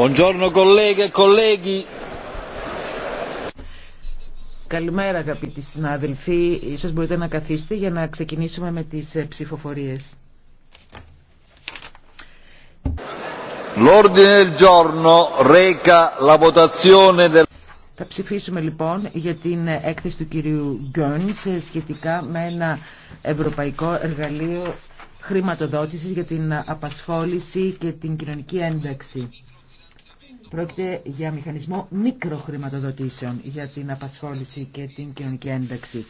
Buongiorno colleghe e Καλημέρα αγαπητοί συνάδελφοι. Ίσως μπορείτε να καθίσετε για να ξεκινήσουμε με τις ε, ψηφοφορίες. L'ordine del giorno θα ψηφίσουμε λοιπόν για την ε, έκθεση του κυρίου Γκιόνις ε, σχετικά με ένα ευρωπαϊκό εργαλείο χρηματοδότησης για την απασχόληση και την κοινωνική ένταξη. Πρόκειται για μηχανισμό μικροχρηματοδοτήσεων για την απασχόληση και την κοινωνική ένταξη.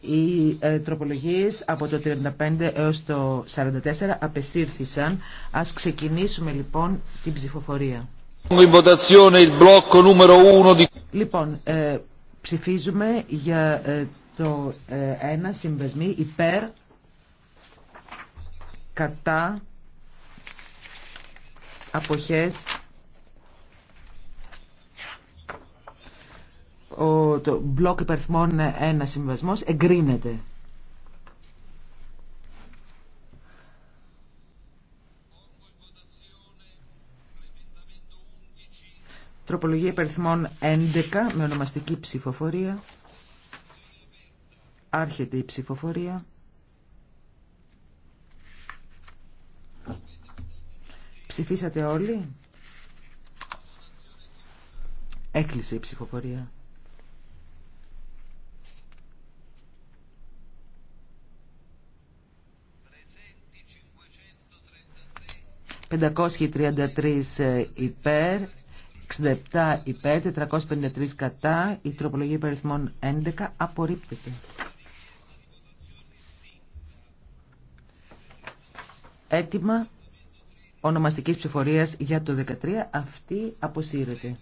Οι ε, τροπολογίες από το 35 έως το 44 απεσύρθησαν. Ας ξεκινήσουμε λοιπόν την ψηφοφορία. Λοιπόν, ε, ψηφίζουμε για ε, το ε, ένα συμβασμή υπέρ, κατά, αποχές, ο, το μπλοκ υπερθμών ένα συμβασμός εγκρίνεται. Τροπολογία υπερθμών 11 με ονομαστική ψηφοφορία. Άρχεται η ψηφοφορία. Ψηφίσατε όλοι. Έκλεισε η ψηφοφορία. 533 υπέρ, 67 υπέρ, 453 κατά. Η τροπολογία αριθμών 11 απορρίπτεται. Έτοιμα ονομαστικής ψηφορίας για το 13. Αυτή αποσύρεται.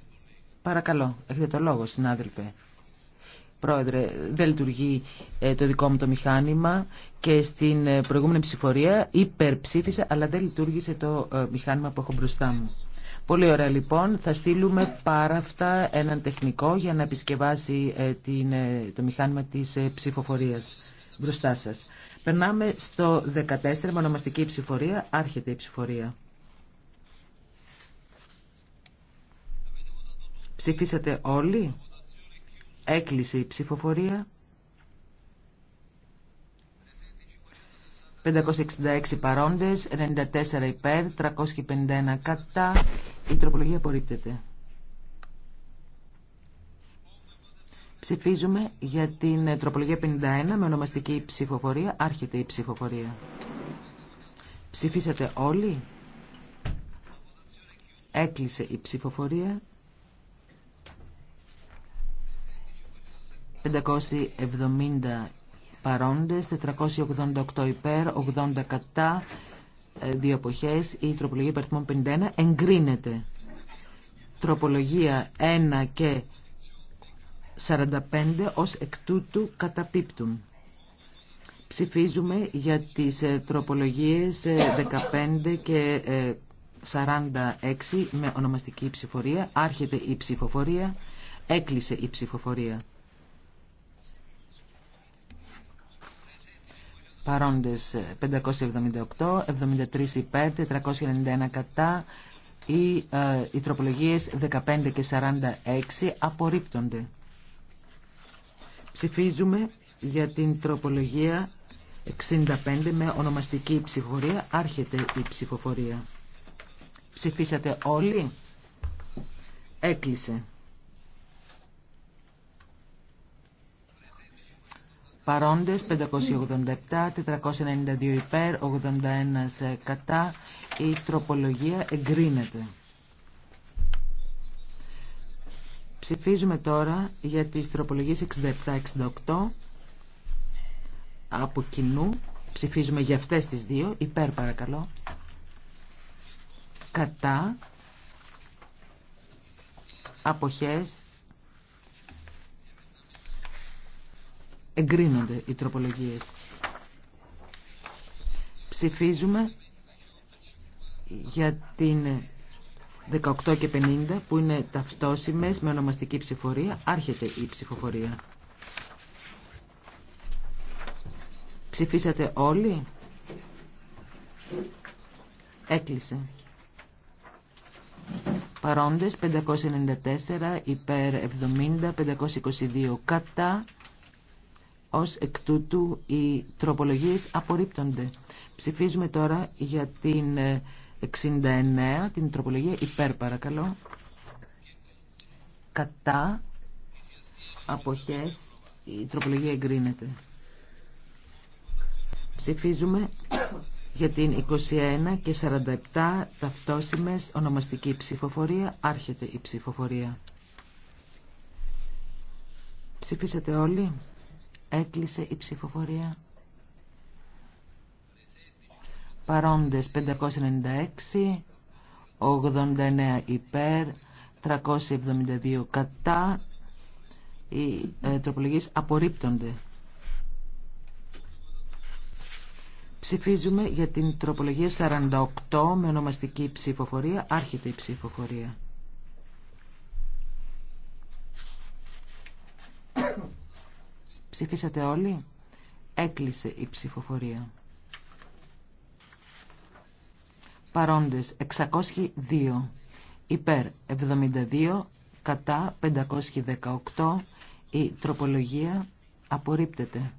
Παρακαλώ, έχετε το λόγο, συνάδελφε. Πρόεδρε, δεν λειτουργεί ε, το δικό μου το μηχάνημα και στην ε, προηγούμενη ψηφορία υπερψήφισε, αλλά δεν λειτουργήσε το ε, μηχάνημα που έχω μπροστά μου. Πολύ ωραία λοιπόν. Θα στείλουμε πάρα αυτά έναν τεχνικό για να επισκευάσει την, το μηχάνημα της ψηφοφορίας μπροστά σας. Περνάμε στο 14 μονομαστική ψηφορία. Άρχεται η ψηφορία. Ψηφίσατε όλοι. Έκλεισε η ψηφοφορία. 566 παρόντες, 94 υπέρ, 351 κατά. Η τροπολογία απορρίπτεται. Ψηφίζουμε για την τροπολογία 51 με ονομαστική ψηφοφορία. Άρχεται η ψηφοφορία. Ψηφίσατε όλοι. Έκλεισε η ψηφοφορία. 570 παρόντες, 488 υπέρ, 80 κατά, ε, δύο εποχές. Η τροπολογία υπαριθμών 51 εγκρίνεται. Τροπολογία 1 και 45 ως εκ τούτου καταπίπτουν. Ψηφίζουμε για τις ε, τροπολογίες 15 ε, και 46 με ονομαστική ψηφορία. Άρχεται η ψηφοφορία, έκλεισε η ψηφοφορία. παρόντες 578, ε, 73 υπέρ, 491 κατά ή ε, οι τροπολογίες 15 και 46 απορρίπτονται. Ψηφίζουμε για την τροπολογία 65 με ονομαστική ψηφοφορία. Άρχεται η ψηφοφορία. Ψηφίσατε όλοι. Έκλεισε. παρόντες 587, 492 υπέρ, 81 ε, κατά. Η τροπολογία εγκρίνεται. Ψηφίζουμε τώρα για τις τροπολογίες 67-68 από κοινού. Ψηφίζουμε για αυτές τις δύο. Υπέρ παρακαλώ. Κατά. Αποχές Εγκρίνονται οι τροπολογίες. Ψηφίζουμε για την 18 και 50 που είναι ταυτόσιμες με ονομαστική ψηφορία. Άρχεται η ψηφοφορία. Ψηφίσατε όλοι. Έκλεισε. Παρόντες 594 υπέρ 70, 522 κατά ως εκ τούτου οι τροπολογίες απορρίπτονται. Ψηφίζουμε τώρα για την 69, ε, την τροπολογία υπέρ παρακαλώ. Κατά αποχές η τροπολογία εγκρίνεται. Ψηφίζουμε για την 21 και 47 ταυτόσημες ονομαστική ψηφοφορία. Άρχεται η ψηφοφορία. Ψηφίσατε όλοι. Έκλεισε η ψηφοφορία. Παρόντες 596, 89 υπέρ, 372 κατά. Οι ε, τροπολογίες απορρίπτονται. Ψηφίζουμε για την τροπολογία 48 με ονομαστική ψηφοφορία. Άρχεται η ψηφοφορία. Ψηφίσατε όλοι. Έκλεισε η ψηφοφορία. Παρόντες 602. Υπέρ 72. Κατά 518. Η τροπολογία απορρίπτεται.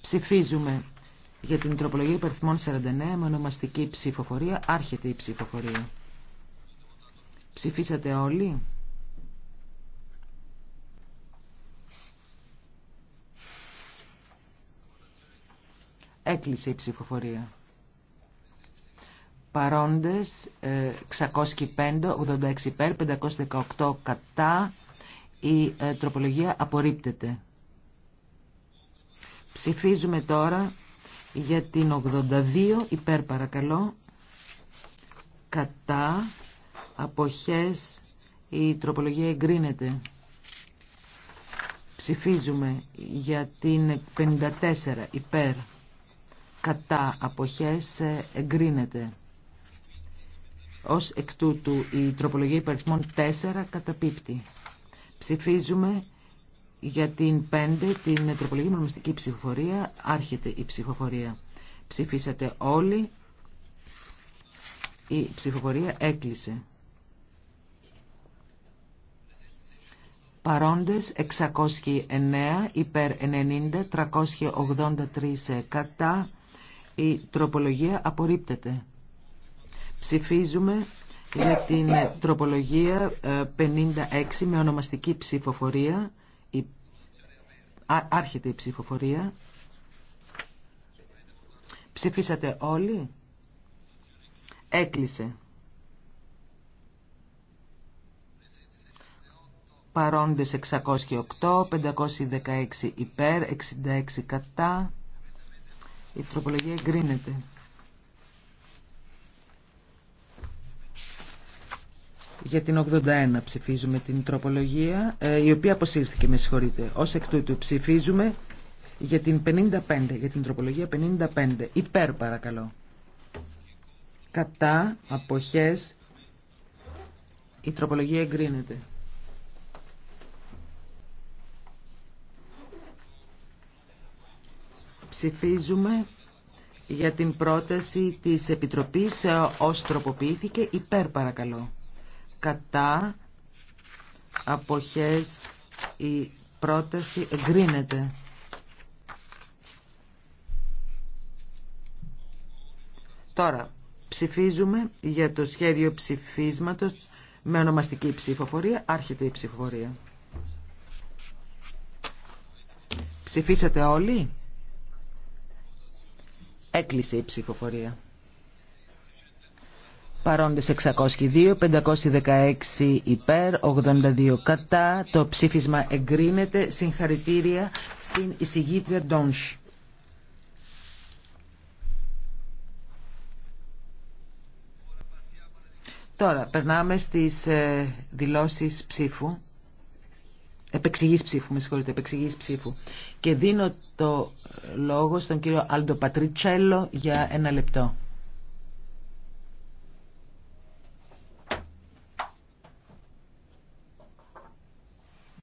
Ψηφίζουμε για την τροπολογία υπερθυμών 49 με ονομαστική ψηφοφορία. Άρχεται η ψηφοφορία. Ψηφίσατε όλοι. Έκλεισε η ψηφοφορία. Παρόντες 605, ε, 86 υπέρ, 518 κατά. Η ε, τροπολογία απορρίπτεται. Ψηφίζουμε τώρα για την 82 υπέρ παρακαλώ. Κατά. Αποχές. Η τροπολογία εγκρίνεται. Ψηφίζουμε για την 54 υπέρ κατά αποχές ε, εγκρίνεται. Ως εκ τούτου η τροπολογία υπαριθμών 4 καταπίπτει. Ψηφίζουμε για την 5 την τροπολογία μονομιστική ψηφοφορία. Άρχεται η ψηφοφορία. Ψηφίσατε όλοι. Η ψηφοφορία έκλεισε. Παρόντες 609 υπέρ 90, 383 ε, κατά η τροπολογία απορρίπτεται. Ψηφίζουμε για την τροπολογία 56 ε, με ονομαστική ψηφοφορία. Η... Άρχεται η ψηφοφορία. Ψηφίσατε όλοι. Έκλεισε. Παρόντες 608, 516 υπέρ, 66 κατά. Η τροπολογία εγκρίνεται. Για την 81 ψηφίζουμε την τροπολογία, ε, η οποία αποσύρθηκε, με συγχωρείτε. Ως εκ τούτου ψηφίζουμε για την 55, για την τροπολογία 55. Υπέρ παρακαλώ. Κατά αποχές η τροπολογία εγκρίνεται. Ψηφίζουμε για την πρόταση της Επιτροπής ε, ως τροποποιήθηκε υπέρ παρακαλώ. Κατά αποχές η πρόταση εγκρίνεται. Τώρα ψηφίζουμε για το σχέδιο ψηφίσματος με ονομαστική ψηφοφορία. Άρχεται η ψηφοφορία. Ψηφίσατε όλοι. Έκλεισε η ψηφοφορία. Παρόντες 602, 516 υπέρ, 82 κατά. Το ψήφισμα εγκρίνεται. Συγχαρητήρια στην εισηγήτρια Ντόνσ. Τώρα περνάμε στις ε, δηλώσεις ψήφου επεξηγής ψήφου, με συγχωρείτε, επεξηγής ψήφου. Και δίνω το λόγο στον κύριο Άλντο Πατρίτσέλο για ένα λεπτό.